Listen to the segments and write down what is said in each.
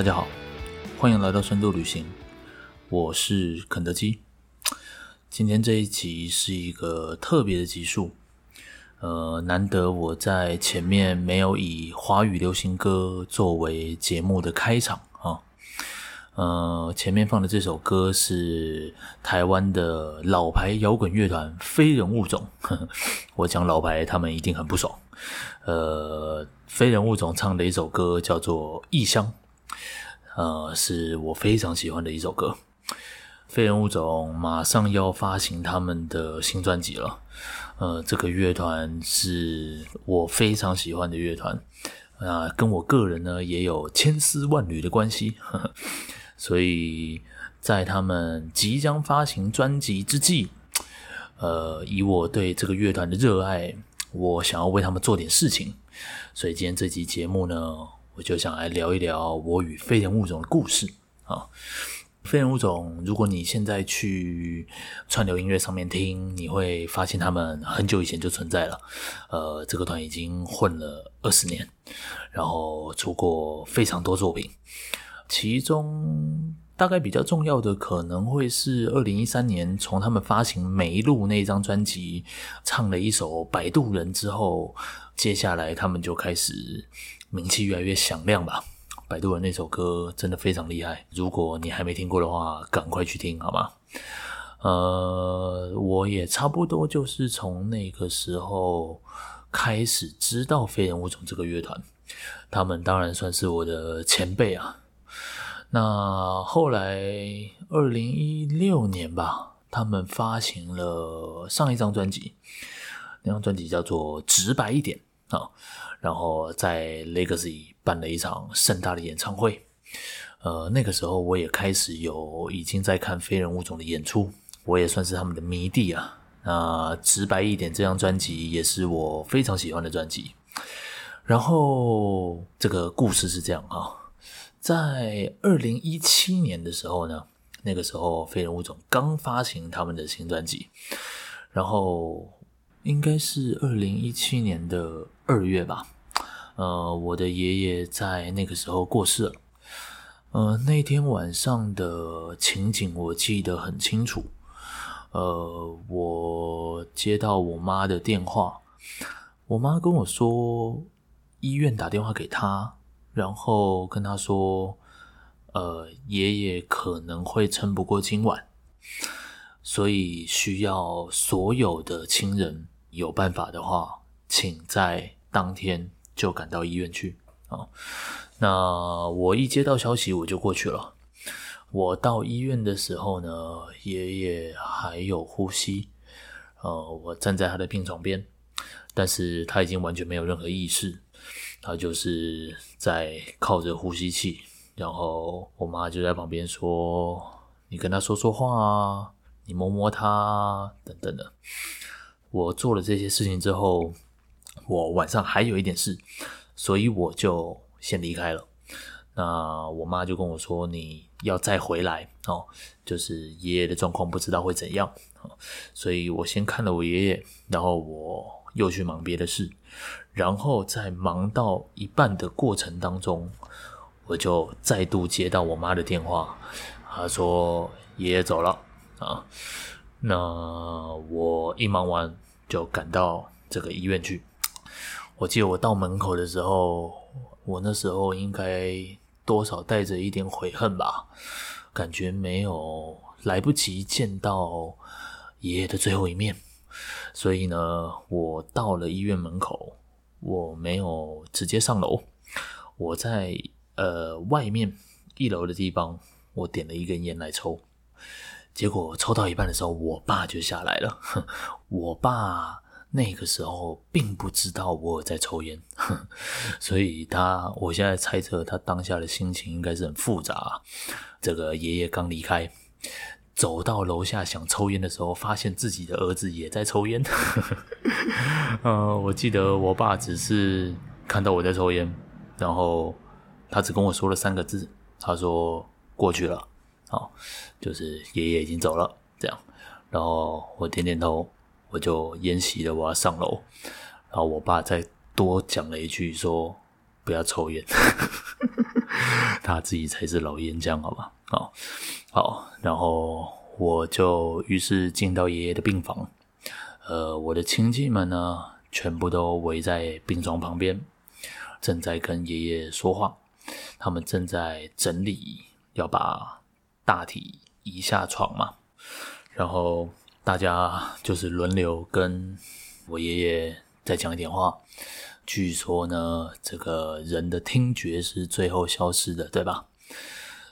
大家好，歡迎來到深度旅行。我是肯得肌。今天這一集是一個特別的集數，呃，難得我在前面沒有以華語流行歌作為節目的開場啊。呃，前面放的這首歌是台灣的老牌搖滾樂團非人物種，呵呵，我講老牌他們一定很不爽。呃，非人物種唱的一首歌叫做《異鄉》。呃，是我非常喜歡的一首歌。非人物種馬上要發行他們的新專輯了。呃，這個樂團是我非常喜歡的樂團，啊、呃，跟我個人呢也有千絲萬縷的關係呵呵。所以在他們即將發行專輯之際，呃，以我對這個樂團的熱愛，我想要為他們做點事情。所以今天這集節目呢。我就想來聊一聊我與非人物種的故事啊！非人物種，如果你現在去串流音樂上面聽，你會發現他們很久以前就存在了。呃，這個團已經混了二十年，然後出過非常多作品，其中大概比較重要的可能會是二零一三年從他們發行《梅路》那一張專輯，唱了一首《擺渡人》之後，接下來他們就開始。名氣越來越響亮吧，擺渡人那首歌真的非常厲害。如果你還沒聽過的話，趕快去聽好嗎？呃，我也差不多就是從那個時候開始知道非人物種這個樂團，他們當然算是我的前輩啊。那後來二零一六年吧，他們發行了上一張專輯，那張專輯叫做《直白一點》。啊、哦，然後在 Legacy 辦了一場盛大的演唱會。呃，那個時候我也開始有已經在看非人物種的演出，我也算是他們的迷弟啊。那、呃、直白一點，這張專輯也是我非常喜歡的專輯。然後這個故事是這樣啊、哦，在二零一七年的時候呢，那個時候非人物種剛發行他們的新專輯，然後應該是二零一七年的。二月吧，呃，我的爺爺在那個時候過世了。呃，那天晚上的情景我記得很清楚。呃，我接到我媽的電話，我媽跟我說醫院打電話給他，然後跟他說，呃，爺爺可能會撐不過今晚，所以需要所有的親人有辦法的話，請在。當天就趕到醫院去啊！那我一接到消息，我就過去了。我到醫院的時候呢，爺爺還有呼吸。呃，我站在他的病床邊，但是他已經完全沒有任何意識，他就是在靠着呼吸器。然後我媽就在旁邊說：“你跟他說說話啊，你摸摸他啊，等等的。”我做了這些事情之後。我晚上還有一點事，所以我就先離開了。那我媽就跟我說：“你要再回來哦，就是爺爺的狀況不知道會怎樣。”所以，我先看了我爺爺，然後我又去忙別的事。然後在忙到一半的過程當中，我就再度接到我媽的電話，她說：“爺爺走了。”啊，那我一忙完就趕到這個醫院去。我記得我到門口的時候，我那時候應該多少帶着一點悔恨吧，感覺沒有來不及見到爺爺的最後一面，所以呢，我到了醫院門口，我沒有直接上樓，我在呃外面一樓的地方，我點了一根煙來抽，結果抽到一半的時候，我爸就下來了，哼，我爸。那個時候並不知道我有在抽煙， 所以他，我現在猜測他當下的心情應該是很複雜啊。這個爺爺剛離開，走到樓下想抽煙的時候，發現自己的兒子也在抽煙。 呃，我記得我爸只是看到我在抽煙，然後他只跟我說了三個字，他說：“過去了，好，就是爺爺已經走了。”這樣，然後我點點頭。我就菸熄了，我要上樓。然後我爸再多講了一句，說不要抽菸。 他自己才是老菸槍，好吧？啊，好。然後我就於是進到爺爺的病房。呃，我的親戚們呢，全部都圍在病床旁邊，正在跟爺爺說話。他們正在整理，要把大體移下床嘛。然後。大家就是輪流跟我爺爺再講一點話。據說呢，這個人的聽覺是最後消失的，對吧？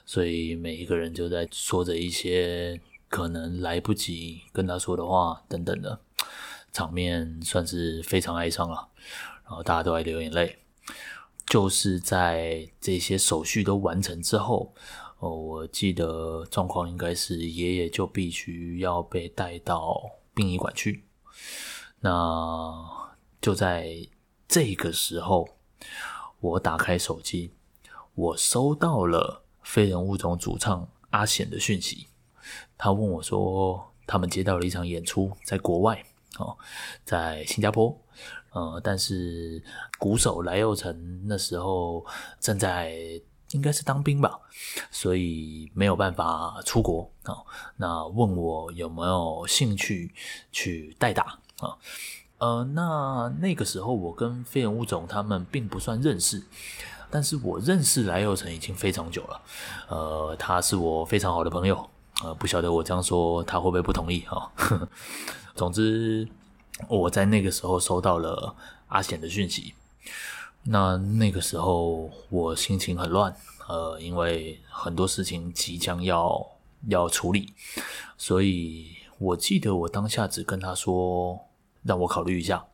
所以每一個人就在說着一些可能來不及跟他說的話，等等的場面，算是非常哀傷了。然後大家都在流眼淚。就是在這些手續都完成之後。我記得狀況應該是爺爺就必須要被帶到殯儀館去。那就在這個時候，我打開手機，我收到了《非人物種》主唱阿顯的訊息。他問我說：“他們接到了一場演出，在國外哦，在新加坡。呃，但是鼓手萊又成那時候正在。”應該是當兵吧，所以沒有辦法出國。那問我有沒有興趣去代打？呃，那那個時候我跟非人物種他們並不算認識，但是我認識來又成已經非常久了。呃，他是我非常好的朋友。不曉得我這樣說他會不會不同意。呵呵，總之，我在那個時候收到了阿賢的訊息。那那個時候我心情很亂，呃，因為很多事情即將要要處理，所以我記得我當下只跟他說讓我考慮一下，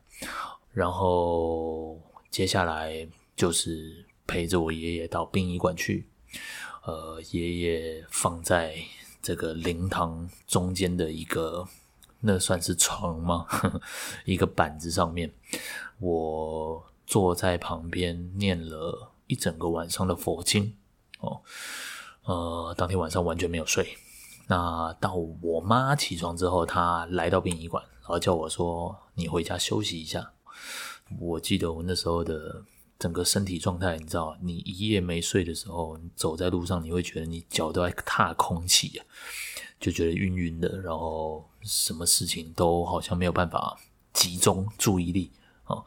然後接下來就是陪着我爺爺到殯儀館去，呃，爺爺放在這個靈堂中間的一個，那算是床嗎？呵呵，一個板子上面，我。坐在旁邊念了一整個晚上的佛經，哦，呃，當天晚上完全沒有睡。那到我媽起床之後，她來到殯儀館，然後叫我說：“你回家休息一下。”我記得我那時候的整個身體狀態，你知道，你一夜沒睡的時候，你走在路上，你會覺得你腳都要踏空氣啊，就覺得暈暈的，然後什麼事情都好像沒有辦法集中注意力，哦。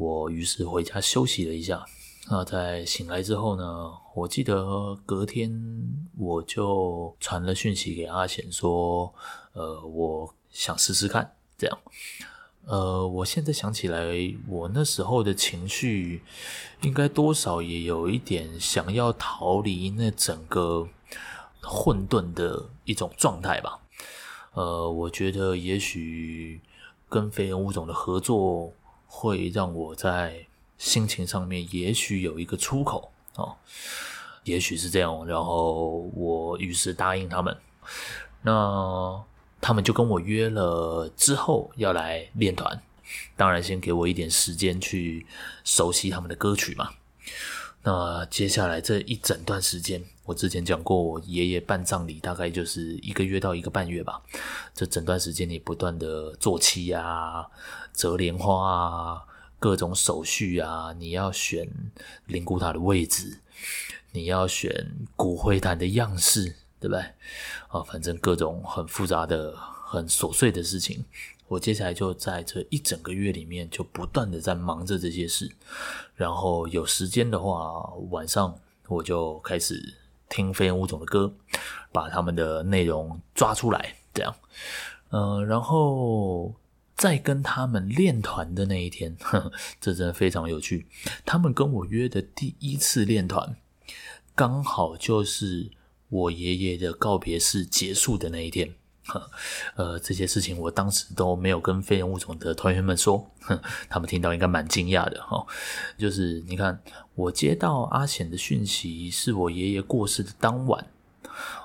我於是回家休息了一下。那在醒來之後呢，我記得隔天我就傳了訊息給阿賢說：“呃，我想試試看。”這樣。呃，我現在想起來，我那時候的情緒應該多少也有一點想要逃離那整個混沌的一種狀態吧。呃，我覺得也許跟非人物種的合作。會讓我在心情上面，也許有一個出口哦，也許是這樣。然後我於是答應他們，那他們就跟我約了之後要來練團，當然先給我一點時間去熟悉他們的歌曲嘛。那接下來這一整段時間。我之前講過，我爺爺辦葬禮大概就是一個月到一個半月吧。這整段時間你不斷的做七啊、折蓮花啊、各種手續啊，你要選靈骨塔的位置，你要選骨灰壇的樣式，對不對？啊，反正各種很複雜的、很瑣碎的事情。我接下來就在這一整個月裡面，就不斷的在忙着這些事。然後有時間的話，晚上我就開始。聽非人物種的歌，把他們的內容抓出來，這樣，呃，然後再跟他們練團的那一天呵，這真的非常有趣。他們跟我約的第一次練團，剛好就是我爺爺的告別式結束的那一天。呵呃，這些事情我當時都沒有跟非人物種的團員們說呵，他們聽到應該蠻驚訝的哈、哦。就是你看。我接到阿賢的訊息，是我爺爺過世的當晚。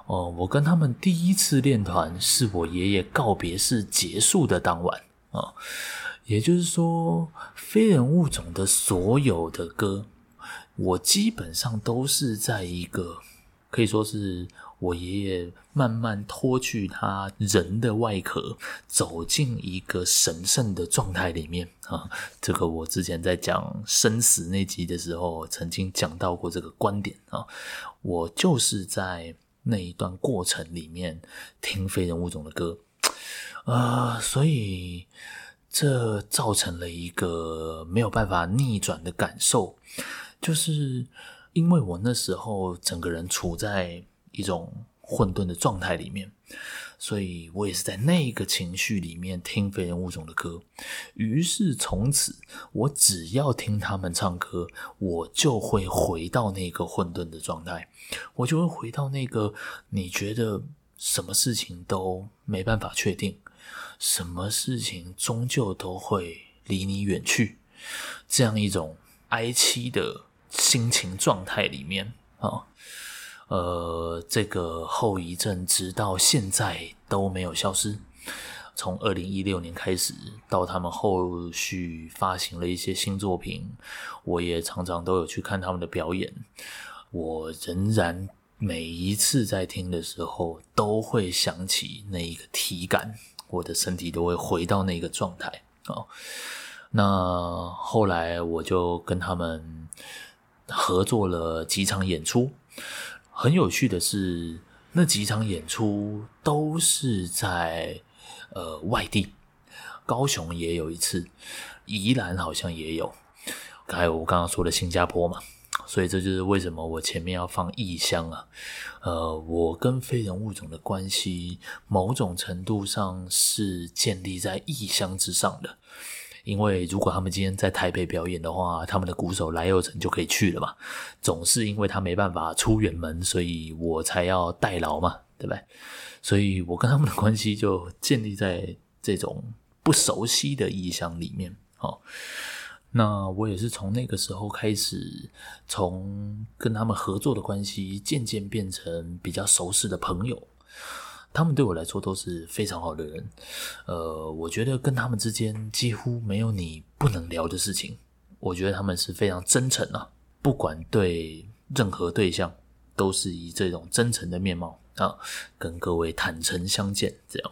哦、呃，我跟他們第一次練團，是我爺爺告別式結束的當晚。啊、呃，也就是說，《非人物種》的所有的歌，我基本上都是在一個可以說是。我爺爺慢慢脫去他人的外殼，走進一個神聖的狀態裡面啊！這個我之前在講生死那集的時候，曾經講到過這個觀點啊。我就是在那一段過程裡面聽非人物種的歌，呃，所以這造成了一個沒有辦法逆轉的感受，就是因為我那時候整個人處在。一種混沌的狀態裡面，所以我也是在那個情緒裡面聽非人物種的歌。於是從此，我只要聽他們唱歌，我就會回到那個混沌的狀態，我就會回到那個你覺得什麼事情都沒辦法確定，什麼事情終究都會離你遠去，這樣一種哀戚的心情狀態裡面啊。呃，這個後遺症直到現在都沒有消失。從二零一六年開始，到他們後續發行了一些新作品，我也常常都有去看他們的表演。我仍然每一次在聽的時候，都會想起那一個體感，我的身體都會回到那個狀態。啊，那後來我就跟他們合作了幾場演出。很有趣的是，那幾場演出都是在呃外地，高雄也有一次，宜蘭好像也有，還有我剛剛說的新加坡嘛，所以這就是為什麼我前面要放異鄉啊，呃，我跟非人物種的關係，某種程度上是建立在異鄉之上的。因為如果他們今天在台北表演的話，他們的鼓手來又成就可以去了嘛。總是因為他沒辦法出遠門，所以我才要代勞嘛，對不對？所以我跟他們的關係就建立在這種不熟悉的意向裡面。哦，那我也是從那個時候開始，從跟他們合作的關係，漸漸變成比較熟悉的朋友。他們對我來說都是非常好的人，呃，我覺得跟他們之間幾乎沒有你不能聊的事情。我覺得他們是非常真誠啊，不管對任何對象，都是以這種真誠的面貌啊，跟各位坦誠相見。這樣，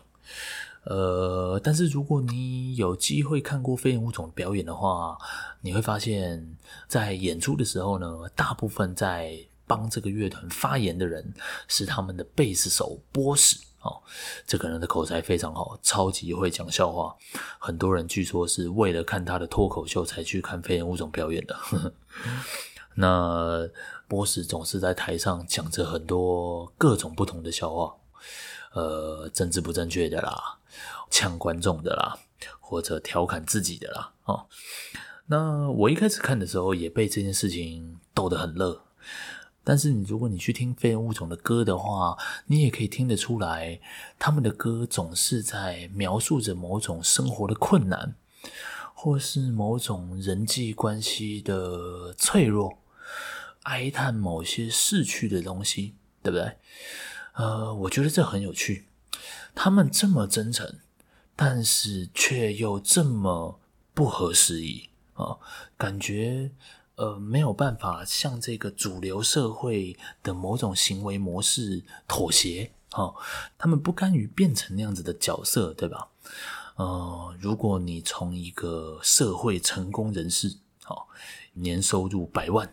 呃，但是如果你有機會看過非人物種表演的話，你會發現，在演出的時候呢，大部分在幫這個樂團發言的人是他們的貝斯手波士。哦，這個人的口才非常好，超級會講笑話。很多人據說是為了看他的脫口秀才去看非人物種表演的。呵 呵那。那、嗯、波什總是在台上講着很多各種不同的笑話，呃，政治不正確的啦，嗆觀眾的啦，或者調侃自己的啦。哦，那我一開始看的時候也被這件事情逗得很樂。但是你，如果你去聽非人物種的歌的話，你也可以聽得出來，他們的歌總是在描述着某種生活的困難，或是某種人際關係的脆弱，哀嘆某些逝去的東西，對不對？呃，我覺得這很有趣，他們這麼真誠，但是卻又這麼不合時宜啊、呃，感覺。呃，沒有辦法向這個主流社會的某種行為模式妥協，哈、哦，他們不甘於變成那樣子的角色，對吧？呃，如果你從一個社會成功人士，哈、哦，年收入百萬、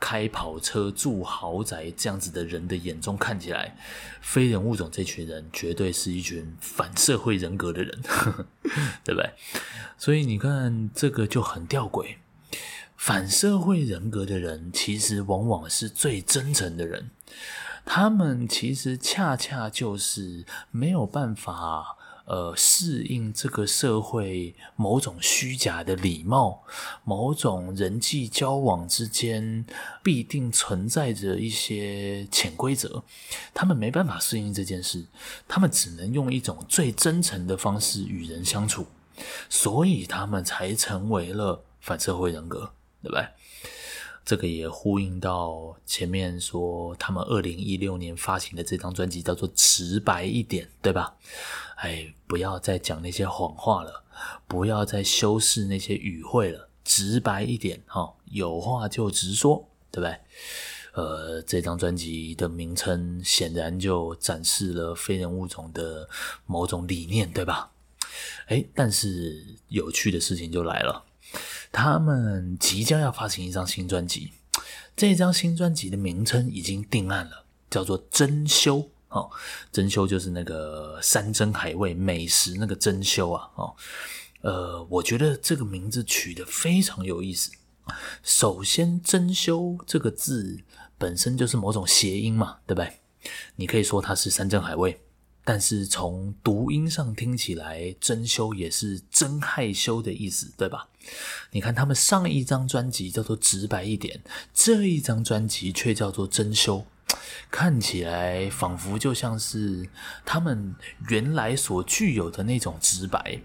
開跑車、住豪宅這樣子的人的眼中看起來，非人物種這群人，絕對是一群反社會人格的人，呵呵，對不對？所以你看，這個就很弔詭。反社會人格的人，其實往往是最真誠的人。他們其實恰恰就是沒有辦法，呃，適應這個社會某種虛假的禮貌，某種人際交往之間必定存在着一些潛規則。他們沒辦法適應這件事，他們只能用一種最真誠的方式與人相處，所以他們才成為了反社會人格。對吧？這個也呼應到前面說，他們二零一六年發行的這張專輯叫做《直白一點》，對吧？哎，不要再講那些謊話了，不要再修飾那些語彙了，直白一點哈、哦，有話就直說，對不對？呃，這張專輯的名稱顯然就展示了非人物種的某種理念，對吧？哎，但是有趣的事情就來了。他們即將要發行一張新專輯，這一張新專輯的名稱已經定案了，叫做“珍饈”哦，“珍饈”就是那個山珍海味、美食那個珍饈、啊“珍饈”啊哦，呃，我覺得這個名字取得非常有意思。首先，“珍饈”這個字本身就是某種諧音嘛，對不對？你可以說它是山珍海味。但是從讀音上聽起來，“珍饈”也是“真害羞”的意思，對吧？你看他們上一張專輯叫做“直白一點”，這一張專輯卻叫做“珍饈”，看起來仿佛就像是他們原來所具有的那種直白，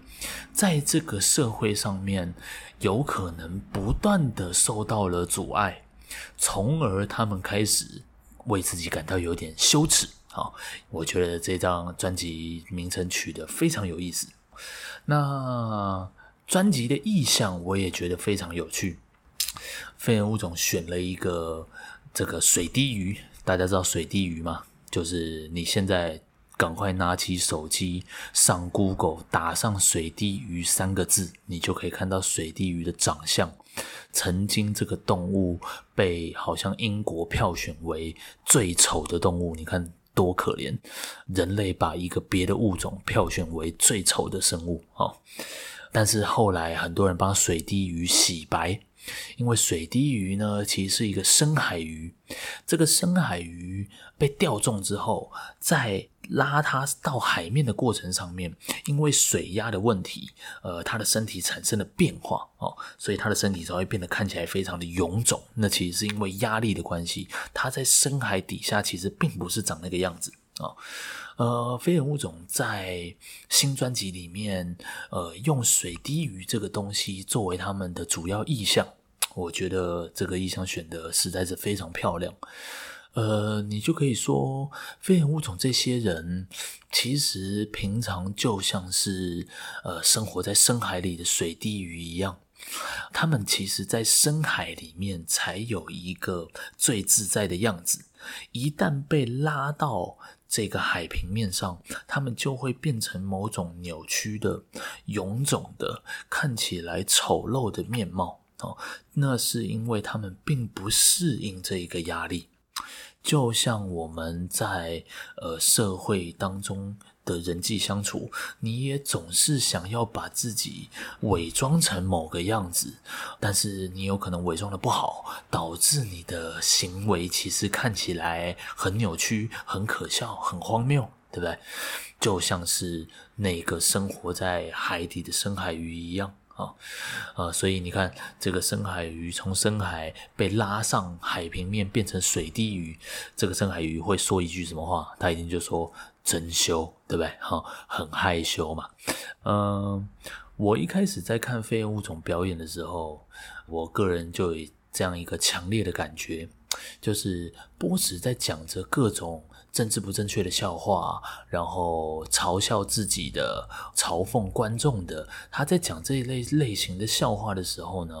在這個社會上面有可能不斷地受到了阻礙，從而他們開始為自己感到有點羞恥。好，我覺得這張專輯名稱取得非常有意思。那專輯的意象，我也覺得非常有趣。非人物種選了一個這個水滴魚，大家知道水滴魚嗎？就是你現在趕快拿起手機，上 Google 打上“水滴魚”三個字，你就可以看到水滴魚的長相。曾經這個動物被好像英國票選為最醜的動物，你看。多可憐！人類把一個別的物種票選為最醜的生物啊！但是後來很多人幫水滴魚洗白，因為水滴魚呢其實是一個深海魚，這個深海魚被釣中之後，在拉它到海面的過程上面，因為水壓的問題，呃，它的身體產生了變化哦，所以它的身體才會變得看起來非常的臃腫。那其實是因為壓力的關係，它在深海底下其實並不是長那個樣子啊、哦。呃，非人物種在新專輯裡面，呃，用水滴魚這個東西作為他們的主要意象，我覺得這個意象選得實在是非常漂亮。呃，你就可以說，非人物種這些人其實平常就像是呃生活在深海裡的水滴魚一樣，他們其實在深海裡面才有一個最自在的樣子，一旦被拉到這個海平面上，他們就會變成某種扭曲的、臃腫的、看起來醜陋的面貌哦。那是因為他們並不適應這一個壓力。就像我們在呃社會當中的人際相處，你也總是想要把自己偽裝成某個樣子，但是你有可能偽裝得不好，導致你的行為其實看起來很扭曲、很可笑、很荒謬，對不對？就像是那個生活在海底的深海魚一樣。啊，啊、哦呃，所以你看，這個深海魚從深海被拉上海平面，變成水滴魚，這個深海魚會說一句什麼話？它一定就說“珍饈”，對不對？哈、哦，很害羞嘛。嗯，我一開始在看非人物種表演的時候，我個人就有這樣一個強烈的感覺，就是波什在講着各種，政治不正確的笑話，然後嘲笑自己的、嘲諷觀眾的，他在講這一類類型的笑話的時候呢，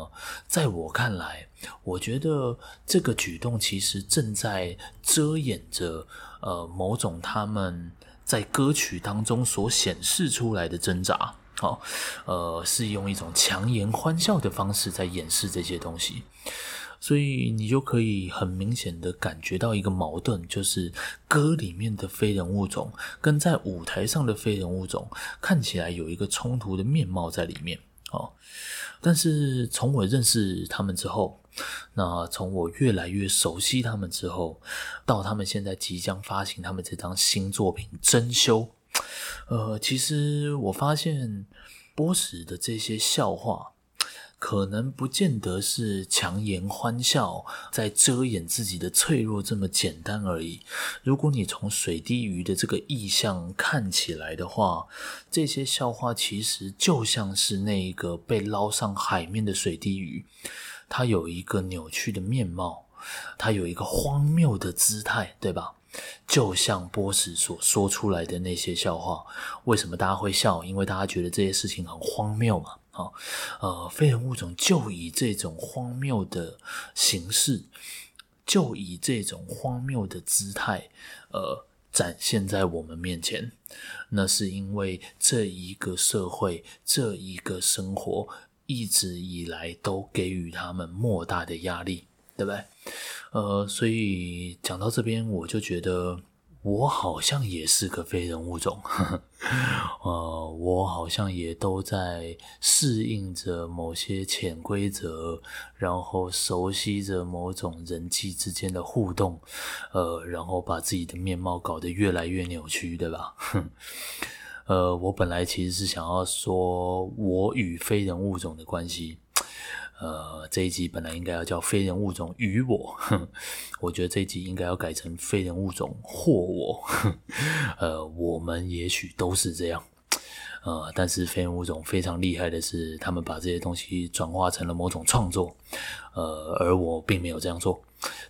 在我看來，我覺得這個舉動其實正在遮掩着呃某種他們在歌曲當中所顯示出來的掙扎。哦，呃，是用一種強顏歡笑的方式在掩飾這些東西。所以你就可以很明顯的感覺到一個矛盾，就是歌裡面的非人物種跟在舞台上的非人物種看起來有一個衝突的面貌在裡面哦。但是從我認識他們之後，那從我越來越熟悉他們之後，到他們現在即將發行他們這張新作品《珍饈》，呃，其實我發現波什的這些笑話。可能不見得是強顏歡笑，在遮掩自己的脆弱這麼簡單而已。如果你從水滴魚的這個意象看起來的話，這些笑話其實就像是那一個被撈上海面的水滴魚，它有一個扭曲的面貌，它有一個荒謬的姿態，對吧？就像波什所說出來的那些笑話，為什麼大家會笑？因為大家覺得這些事情很荒謬嘛、啊。好、哦，呃，非人物種就以這種荒謬的形式，就以這種荒謬的姿態，呃，展現在我們面前。那是因為這一個社會，這一個生活一直以來都給予他們莫大的壓力，對吧？呃，所以講到這邊，我就覺得。我好像也是個非人物種，呵呵，呃，我好像也都在適應着某些潛規則，然後熟悉着某種人際之間的互動，呃，然後把自己的面貌搞得越來越扭曲，對吧？呵呵，呃，我本來其實是想要說我與非人物種的關係，呃。這一集本來應該要叫《非人物種與我 》，我覺得這一集應該要改成《非人物種或我 》。呃，我們也許都是這樣，呃。但是非人物種非常厲害的是，他們把這些東西轉化成了某種創作。呃，而我並沒有這樣做，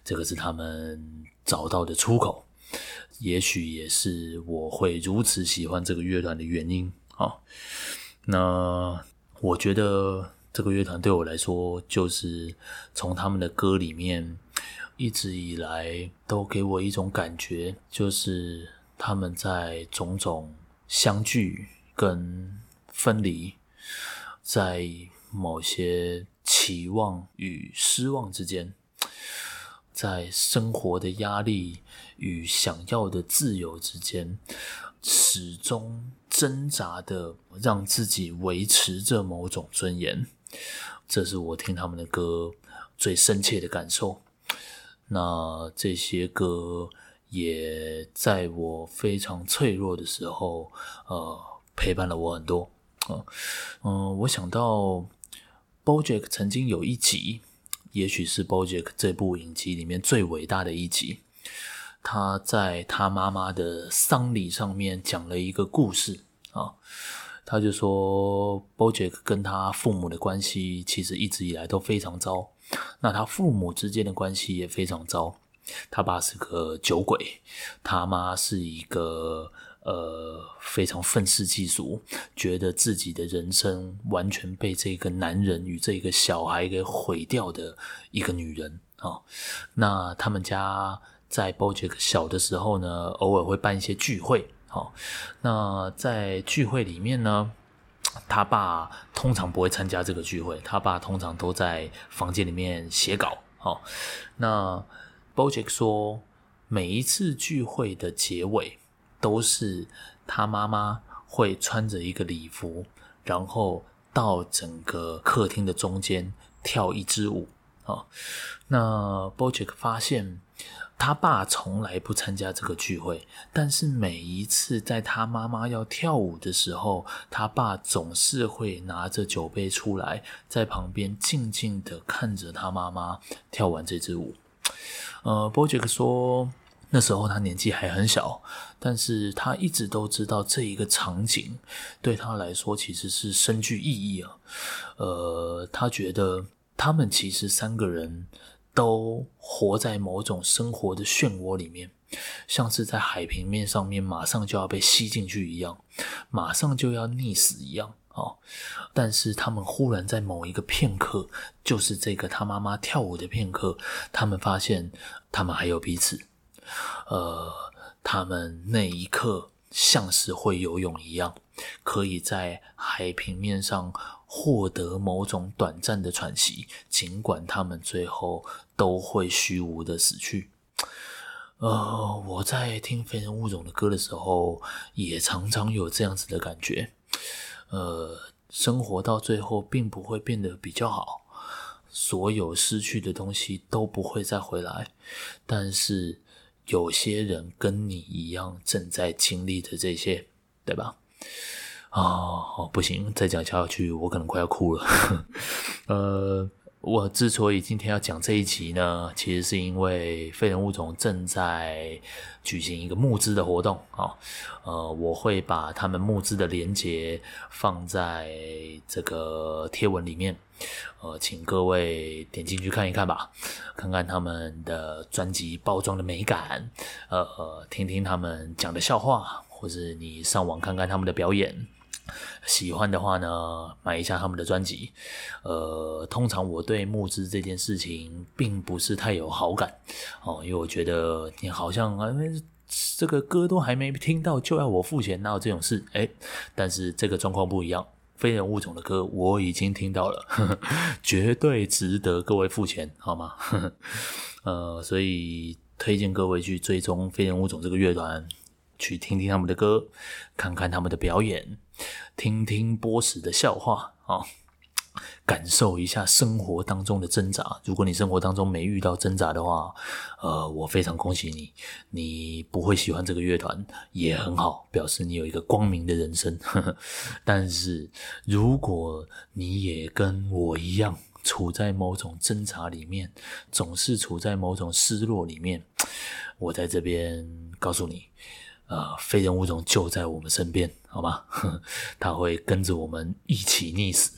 這個是他們找到的出口，也許也是我會如此喜歡這個樂團的原因啊。那我覺得。這個樂團對我來說，就是從他們的歌裡面，一直以來都給我一種感覺，就是他們在種種相聚跟分離，在某些期望與失望之間，在生活的壓力與想要的自由之間，始終掙扎的讓自己維持着某種尊嚴。這是我聽他們的歌最深切的感受。那這些歌也在我非常脆弱的時候，呃，陪伴了我很多。呃，我想到 BoJack 曾經有一集，也許是 BoJack 這部影集裡面最偉大的一集。他在他媽媽的喪禮上面講了一個故事，呃他就說，BoJack 跟他父母的關係其實一直以來都非常糟。那他父母之間的關係也非常糟。他爸是個酒鬼，他媽是一個呃非常憤世嫉俗，覺得自己的人生完全被這個男人與這個小孩給毀掉的一個女人啊、哦。那他們家在 BoJack 小的時候呢，偶爾會辦一些聚會。好，那在聚會裡面呢，他爸通常不會參加這個聚會，他爸通常都在房間裡面寫稿。好，那 BoJack 說，每一次聚會的結尾都是他媽媽會穿着一個禮服，然後到整個客廳的中間跳一支舞。啊，那 BoJack 發現。他爸從來不參加這個聚會，但是每一次在他媽媽要跳舞的時候，他爸總是會拿着酒杯出來，在旁邊靜靜地看着他媽媽跳完這支舞。呃，波杰克說，那時候他年紀還很小，但是他一直都知道這一個場景對他來說其實是深具意義啊。呃，他覺得他們其實三個人。都活在某種生活的漩渦裡面，像是在海平面上面馬上就要被吸進去一樣，馬上就要溺死一樣啊！哦，但是他們忽然在某一個片刻，就是這個他媽媽跳舞的片刻，他們發現他們還有彼此。呃，他們那一刻像是會游泳一樣，可以在海平面上。獲得某種短暫的喘息，儘管他們最後都會虛無的死去。呃，我在聽《非人物種》的歌的時候，也常常有這樣子的感覺。呃，生活到最後並不會變得比較好，所有失去的東西都不會再回來。但是有些人跟你一樣正在經歷着這些，對吧？啊、哦哦，不行，再講下去我可能快要哭了。 呃，我之所以今天要講這一期呢，其實是因為非人物種正在舉行一個募資的活動啊、哦。呃，我會把他們募資的鏈接放在這個貼文裡面，呃，請各位點進去看一看吧，看看他們的專輯包裝的美感，呃，呃聽聽他們講的笑話，或者你上網看看他們的表演。喜歡的話呢，買一下他們的專輯。呃，通常我對募資這件事情並不是太有好感哦，因為我覺得你好像因為、呃、這個歌都還沒聽到就要我付錢，那這種事誒，但是這個狀況不一樣，非人物種的歌我已經聽到了呵呵，絕對值得各位付錢，好嗎？呵呵呃，所以推薦各位去追蹤非人物種這個樂團，去聽聽他們的歌，看看他們的表演。聽聽波什的笑話啊，感受一下生活當中的掙扎。如果你生活當中沒遇到掙扎的話，呃，我非常恭喜你，你不會喜歡這個樂團，也很好，表示你有一個光明的人生。呵呵。但是如果你也跟我一樣，處在某種掙扎裡面，總是處在某種失落裡面，我在這邊告訴你。呃，非人物種就在我們身邊，好嗎？ 他會跟着我們一起溺死，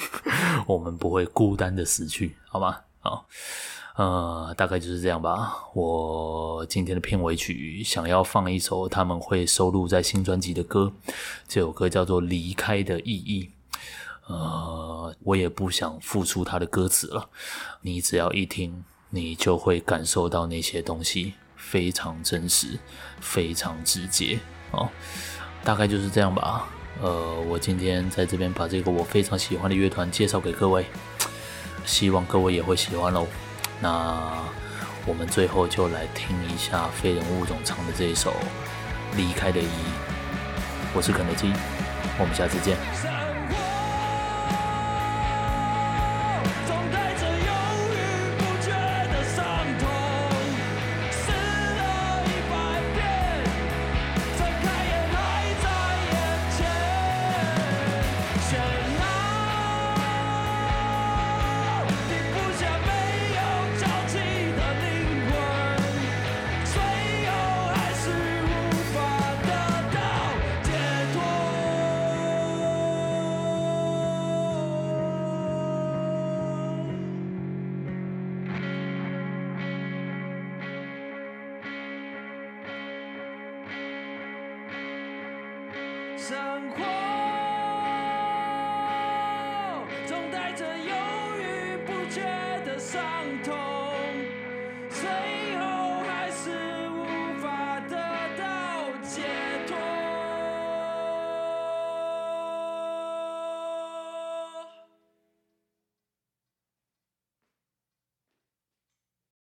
我們不會孤單的死去，好嗎？啊，呃，大概就是這樣吧。我今天的片尾曲想要放一首他們會收錄在新專輯的歌，這首歌叫做《離開的意義》。呃，我也不想復出他的歌詞了，你只要一聽，你就會感受到那些東西。非常真實，非常直接哦，大概就是這樣吧。呃，我今天在這邊把這個我非常喜歡的樂團介紹給各位，希望各位也會喜歡嘍。那我們最後就來聽一下非人物種唱的這一首《離開的意義》。我是肯得肌，我們下次見。